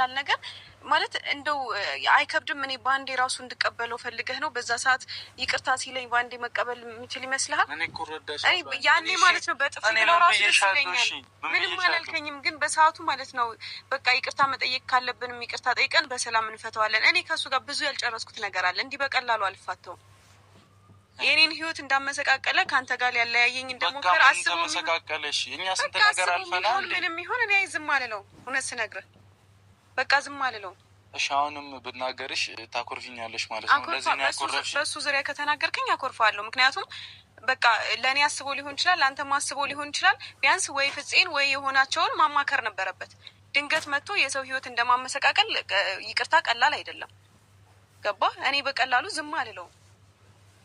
ቀላል ነገር ማለት እንደው አይከብድም። እኔ ባንዴ ራሱ እንድቀበለው ፈልገህ ነው። በዛ ሰዓት ይቅርታ ሲለኝ ባንዴ መቀበል የምችል ይመስልሃል? ያኔ ማለት ነው በጥፍ ብለው ራሱ ደስ ይለኛል። ምንም አላልከኝም፣ ግን በሰዓቱ ማለት ነው በቃ ይቅርታ መጠየቅ ካለብንም ይቅርታ ጠይቀን በሰላም እንፈተዋለን። እኔ ከእሱ ጋር ብዙ ያልጨረስኩት ነገር አለ። እንዲህ በቀላሉ አልፋተውም። የኔን ህይወት እንዳመሰቃቀለ ከአንተ ጋር ያለያየኝ እንደሞከር አስበው፣ ምንም ይሁን እኔ ዝም አልለው እውነት ስነግርህ በቃ ዝም አልለው። እሺ አሁንም ብናገርሽ ታኮርፊኛለሽ ማለት ነው። በእሱ ዙሪያ ከተናገርክኝ አኮርፋለሁ። ምክንያቱም በቃ ለእኔ አስቦ ሊሆን ይችላል፣ ለአንተም አስቦ ሊሆን ይችላል። ቢያንስ ወይ ፍፄን ወይ የሆናቸውን ማማከር ነበረበት። ድንገት መጥቶ የሰው ህይወት እንደማመሰቃቀል ይቅርታ ቀላል አይደለም። ገባ? እኔ በቀላሉ ዝም አልለውም።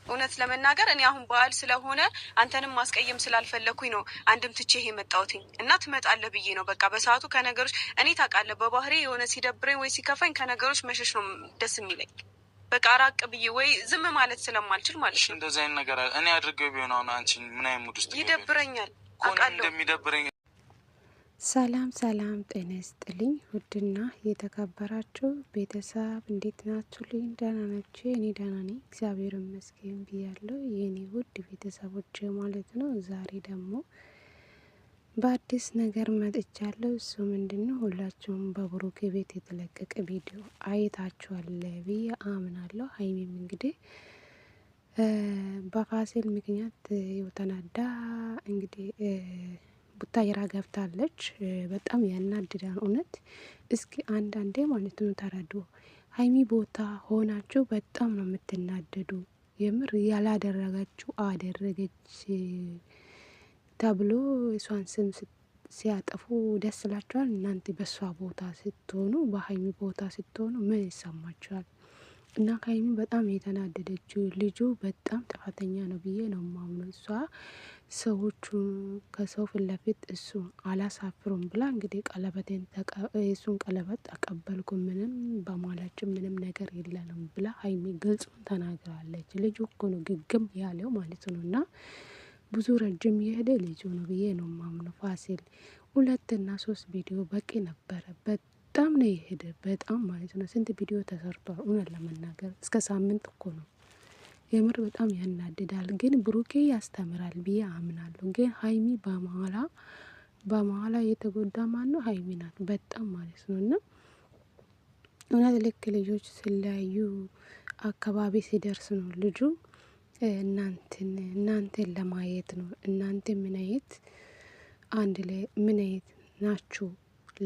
እውነት ለመናገር እኔ አሁን በዓል ስለሆነ አንተንም ማስቀየም ስላልፈለኩኝ ነው አንድም ትቼ ይሄ መጣሁትኝ እና ትመጣለህ ብዬ ነው። በቃ በሰዓቱ ከነገሮች እኔ ታውቃለህ፣ በባህሬ የሆነ ሲደብረኝ ወይ ሲከፋኝ ከነገሮች መሸሽ ነው ደስ የሚለኝ። በቃ ራቅ ብዬ ወይ ዝም ማለት ስለማልችል ማለት ነው። እንደዚህ አይነት ነገር እኔ አድርገው ቢሆን አሁን አንቺ ምን አይነት ሙድ ውስጥ ይደብረኛል አውቃለሁ እንደሚደብረኝ ሰላም ሰላም፣ ጤና ይስጥልኝ ውድና የተከበራችሁ ቤተሰብ እንዴት ናችሁልኝ? ደህና ናችሁ? እኔ ደህና ነኝ እግዚአብሔር ይመስገን ብያለሁ፣ የእኔ ውድ ቤተሰቦች ማለት ነው። ዛሬ ደግሞ በአዲስ ነገር መጥቻለሁ። እሱ ምንድን ነው? ሁላችሁም በብሩኬ ቤት የተለቀቀ ቪዲዮ አይታችኋል ብዬ አምናለሁ። ሀይሚም እንግዲህ በፋሲል ምክንያት የተናዳ እንግዲህ ቡታየራ ገብታለች። በጣም ያናድዳል እውነት። እስኪ አንዳንዴ ማለት ነው ተረዱ። ሀይሚ ቦታ ሆናችሁ በጣም ነው የምትናደዱ። የምር ያላደረጋችሁ አደረገች ተብሎ እሷን ስም ሲያጠፉ ደስ ይላችኋል። እናንተ በእሷ ቦታ ስትሆኑ፣ በሀይሚ ቦታ ስትሆኑ ምን ይሰማችኋል? እና ከሀይሚ በጣም የተናደደችው ልጁ በጣም ጥፋተኛ ነው ብዬ ነው ማምነው እሷ ሰዎቹ ከሰው ፊት ለፊት እሱ አላሳፍሩም ብላ እንግዲህ ቀለበቴን የእሱን ቀለበት ተቀበልኩ ምንም በማላችን ምንም ነገር የለንም ብላ ሀይሚ ግልጹን ተናግራለች። ልጁ እኮ ነው ግግም ያለው ማለት ነው እና ብዙ ረጅም የሄደ ልጁ ነው ብዬ ነው ማምኑ። ፋሲል ሁለትና ሶስት ቪዲዮ በቂ ነበረ። በጣም ነው የሄደ በጣም ማለት ነው። ስንት ቪዲዮ ተሰርቷል? እውነት ለመናገር እስከ ሳምንት እኮ ነው የምር በጣም ያናድዳል። ግን ብሩኬ ያስተምራል ብዬ አምናለሁ። ግን ሀይሚ በመኋላ በመኋላ የተጎዳ ማን ነው? ሀይሚ ናት በጣም ማለት ነው። እና እውነት ልክ ልጆች ስለያዩ አካባቢ ሲደርስ ነው ልጁ እናንትን እናንተን ለማየት ነው እናንተ ምን አንድ ላይ ምን ናችሁ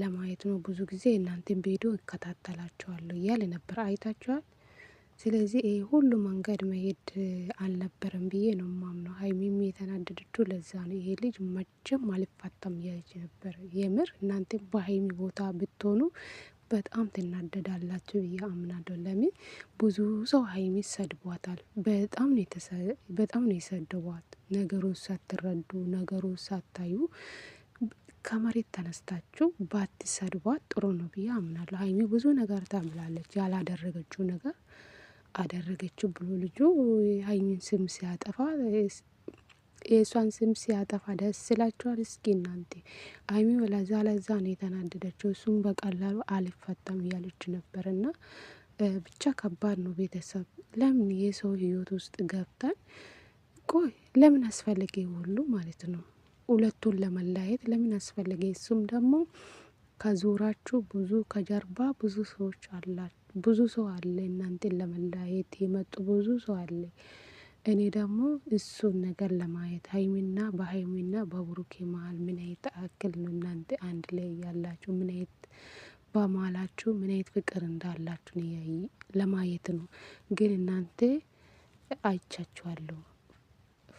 ለማየት ነው። ብዙ ጊዜ እናንተን ቪዲዮ እከታተላችኋለሁ እያለ ነበር። አይታችኋል? ስለዚህ ይሄ ሁሉ መንገድ መሄድ አልነበረም ብዬ ነው የማምነው። ሀይሚም የተናደደችው ለዛ ነው። ይሄ ልጅ መቼም አልፋታም እያለች ነበር። የምር እናንተ በሀይሚ ቦታ ብትሆኑ በጣም ትናደዳላችሁ ብዬ አምናለሁ። ለምን ብዙ ሰው ሀይሚ ሰድቧታል። በጣም ነው የሰድቧት። ነገሩ ሳትረዱ፣ ነገሩ ሳታዩ ከመሬት ተነስታችሁ ባትሰድቧት ጥሩ ነው ብዬ አምናለሁ። ሀይሚ ብዙ ነገር ታምላለች። ያላደረገችው ነገር አደረገችው ብሎ ልጁ የሀይሚን ስም ሲያጠፋ የእሷን ስም ሲያጠፋ ደስ ስላቸዋል። እስኪ እናንተ ሀይሚ ለዛ ለዛ ነው የተናደደችው። እሱም በቀላሉ አልፈታም እያለች ነበርና ብቻ ከባድ ነው። ቤተሰብ ለምን የሰው ህይወት ውስጥ ገብተን ቆይ ለምን አስፈለገ ሁሉ ማለት ነው። ሁለቱን ለመለያየት ለምን አስፈለገ? እሱም ደግሞ ከዙራችሁ ብዙ ከጀርባ ብዙ ሰዎች አላቸው። ብዙ ሰው አለ እናንተን ለመለያየት የመጡ ብዙ ሰው አለ። እኔ ደግሞ እሱን ነገር ለማየት ሀይሚና በሀይሚና በብሩኬ መሀል ምን አይነት አክል ነው እናንተ አንድ ላይ ያላችሁ ምን አይነት በመሀላችሁ ምን አይነት ፍቅር እንዳላችሁ ለማየት ነው። ግን እናንተ አይቻችኋለሁ፣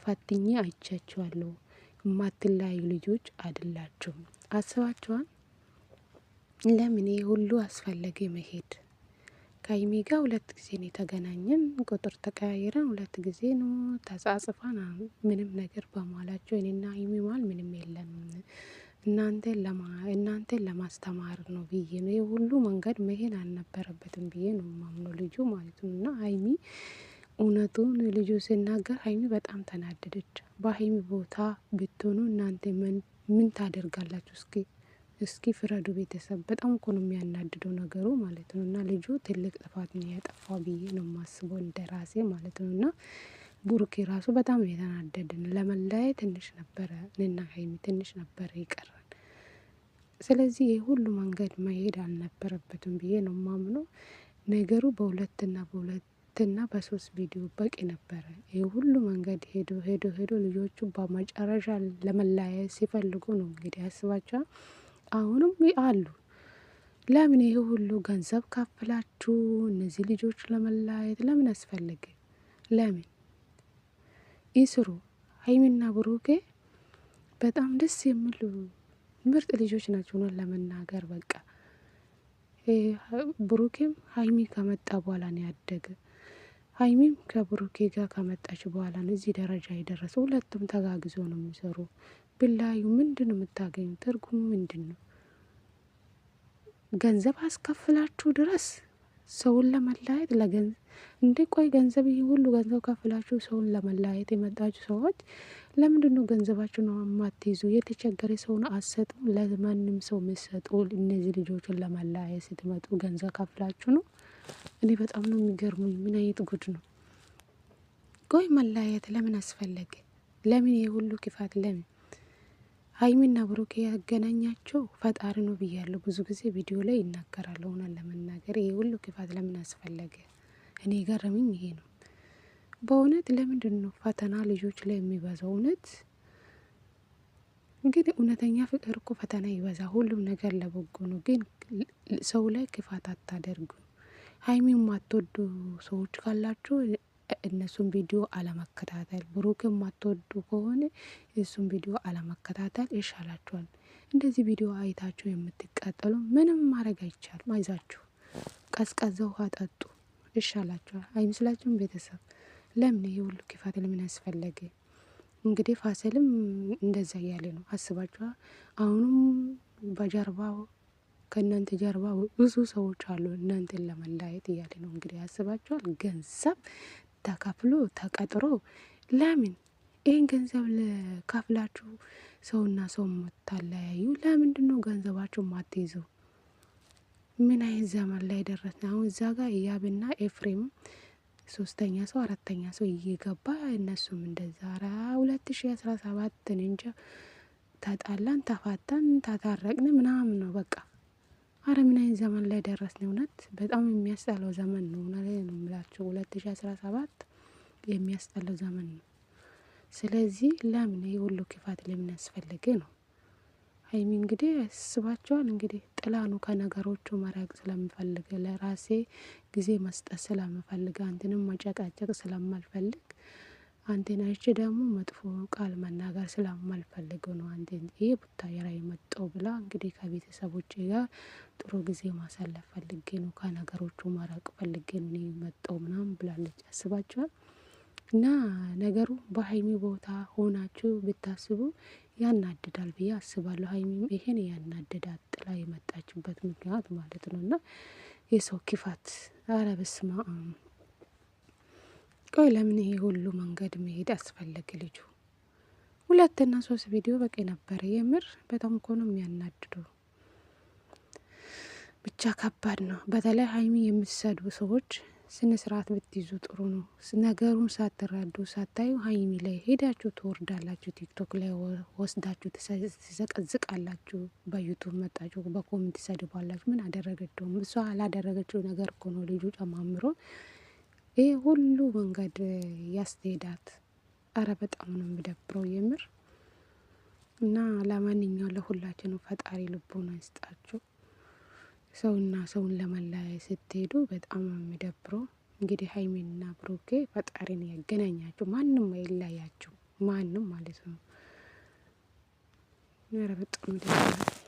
ፈትኜ አይቻችኋለሁ። የማትለያዩ ልጆች አይደላችሁም። አስባችኋል። ለምን ይሄ ሁሉ አስፈለገ መሄድ? ከሀይሚ ጋር ሁለት ጊዜ ነው የተገናኘን። ቁጥር ተቀያይረን ሁለት ጊዜ ነው ተጻጽፋን፣ ምንም ነገር በማላቸው እኔና ሀይሚ ማል ምንም የለም። እናንተን ለማስተማር ነው ብዬ ነው የሁሉ መንገድ መሄድ አልነበረበትም ብዬ ነው ማምኖ ልጁ ማለት ነው እና ሀይሚ እውነቱን ልጁ ሲናገር ሀይሚ በጣም ተናደደች። በሀይሚ ቦታ ብትሆኑ እናንተ ምን ታደርጋላችሁ እስኪ? እስኪ ፍረዱ ቤተሰብ። በጣም እኮ ነው የሚያናድደው ነገሩ ማለት ነው። እና ልጁ ትልቅ ጥፋት ነው ያጠፋው ብዬ ነው የማስበው እንደ ራሴ ማለት ነው። እና ቡሩኬ ራሱ በጣም የተናደድን ለመለያየ ትንሽ ነበረ እኔና ሀይሚ ትንሽ ነበረ ይቀራል። ስለዚህ ይህ ሁሉ መንገድ መሄድ አልነበረበትም ብዬ ነው ማምነው። ነገሩ በሁለትና በሁለት ሁለትና በሶስት ቪዲዮ በቂ ነበረ። ይህ ሁሉ መንገድ ሄዶ ሄዶ ሄዶ ልጆቹ በመጨረሻ ለመለያየት ሲፈልጉ ነው እንግዲህ አስባቸዋል። አሁንም አሉ። ለምን ይሄ ሁሉ ገንዘብ ካፍላችሁ እነዚህ ልጆች ለመለያየት ለምን አስፈልግ? ለምን ይስሩ? ሀይሚና ብሩኬ በጣም ደስ የሚሉ ምርጥ ልጆች ናቸው። ነው ለመናገር በቃ ብሩኬም ሀይሚ ከመጣ በኋላ ነው ያደገ። ሀይሚም ከብሩኬ ጋር ከመጣች በኋላ ነው እዚህ ደረጃ የደረሰ። ሁለቱም ተጋግዞ ነው የሚሰሩ። ብላዩ ምንድን ነው የምታገኙ? ትርጉሙ ምንድን ነው? ገንዘብ አስከፍላችሁ ድረስ ሰውን ለመለያየት እንዴ? ቆይ ገንዘብ ይህ ሁሉ ገንዘብ ከፍላችሁ ሰውን ለመለያየት የመጣችሁ ሰዎች ለምንድን ነው ገንዘባችሁ ነው የማትይዙ? የተቸገረ ሰውን አሰጡ ለማንም ሰው የምትሰጡ እነዚህ ልጆችን ለመለያየት ስትመጡ ገንዘብ ከፍላችሁ ነው። እኔ በጣም ነው የሚገርሙኝ። ምን አይነት ጉድ ነው? ቆይ መለያየት ለምን አስፈለገ? ለምን የሁሉ ክፋት ለምን ሀይሚና ብሩኬ ያገናኛቸው ፈጣሪ ነው ብያለሁ። ብዙ ጊዜ ቪዲዮ ላይ ይናገራል። ሆነን ለመናገር ይሄ ሁሉ ክፋት ለምን አስፈለገ? እኔ ገረምኝ። ይሄ ነው በእውነት ለምንድን ነው ፈተና ልጆች ላይ የሚበዛው? እውነት ግን እውነተኛ ፍቅር እኮ ፈተና ይበዛ። ሁሉም ነገር ለበጎ ነው። ግን ሰው ላይ ክፋት አታደርጉ። ሀይሚን ማትወዱ ሰዎች ካላችሁ እነሱን ቪዲዮ አለመከታተል፣ ብሩክን ማትወዱ ከሆነ እሱን ቪዲዮ አለመከታተል ይሻላችኋል። እንደዚህ ቪዲዮ አይታችሁ የምትቃጠሉ ምንም ማድረግ አይቻልም። አይዛችሁ ቀዝቀዘ ውሃ ጠጡ ይሻላችኋል። አይመስላችሁም? ቤተሰብ ለምን ይሄ ሁሉ ክፋት ለምን ያስፈለገ? እንግዲህ ፋሲልም እንደዛ እያለ ነው። አስባችኋል? አሁኑም በጀርባ ከእናንተ ጀርባ ብዙ ሰዎች አሉ። እናንተን ለመለያየት እያለ ነው። እንግዲህ አስባችኋል? ገንዘብ ተከፍሎ ተቀጥሮ ለምን ይህን ገንዘብ ለካፍላችሁ ሰውና ሰው ታለያዩ? ለምንድን ነው ገንዘባችሁ ማትይዙ? ምን አይነት ዘመን ላይ ደረስን? አሁን እዛ ጋር እያብና ኤፍሬም ሶስተኛ ሰው አራተኛ ሰው እየገባ እነሱም እንደዛ ራ ሁለት ሺ አስራ ሰባት ተጣላን፣ ተፋታን፣ ተታረቅን ምናምን ነው በቃ አረ ምን አይነት ዘመን ላይ ደረስን! እውነት በጣም የሚያስጠላው ዘመን ነው። ሆነ ላይ ነው የምላችሁ ሁለት ሺ አስራ ሰባት የሚያስጠላው ዘመን ነው። ስለዚህ ለምን የሁሉ ክፋት ለምን ያስፈልግ ነው? ሀይሚ እንግዲህ ያስባቸዋል። እንግዲህ ጥላ ነው ከነገሮቹ መረግ ስለምፈልግ ለራሴ ጊዜ መስጠት ስለምፈልግ አንድንም መጨቃጨቅ ስለማልፈልግ አንቴን አይቼ ደግሞ መጥፎ ቃል መናገር ስለማልፈልግ ነው። አንቴን ይሄ ቡታየራ የመጣው ብላ እንግዲህ ከቤተሰቦቼ ጋር ጥሩ ጊዜ ማሳለፍ ፈልጌ ነው፣ ከነገሮቹ መራቅ ፈልጌ ነው የመጣው ምናምን ብላለች። ያስባችኋል። እና ነገሩ በሀይሚ ቦታ ሆናችሁ ብታስቡ ያናድዳል ብዬ አስባለሁ። ሀይሚም ይሄን ያናድዳት ጥላ የመጣችበት ምክንያት ማለት ነው። እና የሰው ክፋት አረ በስመ አብ ቆይ ለምን ይሄ ሁሉ መንገድ መሄድ አስፈለግ ልጁ ሁለትና ሶስት ቪዲዮ በቂ ነበር። የምር በጣም እኮ ነው የሚያናድዱ። ብቻ ከባድ ነው። በተለይ ሀይሚ የምትሰዱ ሰዎች ስነ ስርዓት ብትይዙ ጥሩ ነው። ነገሩን ሳትረዱ ሳታዩ ሀይሚ ላይ ሄዳችሁ ትወርዳላችሁ፣ ቲክቶክ ላይ ወስዳችሁ ትዘቀዝቃላችሁ፣ በዩቱብ መጣችሁ በኮሜንት ሰድባላችሁ። ምን አደረገችውም? እሷ አላደረገችው ነገር እኮ ነው ልጁ ጨማምሮ ይሄ ሁሉ መንገድ ያስሄዳት። አረ በጣም ነው የሚደብረው የምር። እና ለማንኛው ለሁላችን ፈጣሪ ልቦና ይስጣችሁ። ሰውና ሰውን ለመለያየት ስትሄዱ በጣም ነው የሚደብረው። እንግዲህ ሀይሜና ብሩኬ ፈጣሪን ያገናኛችሁ፣ ማንም አይለያችሁ፣ ማንም ማለት ነው። ኧረ በጣም ደስ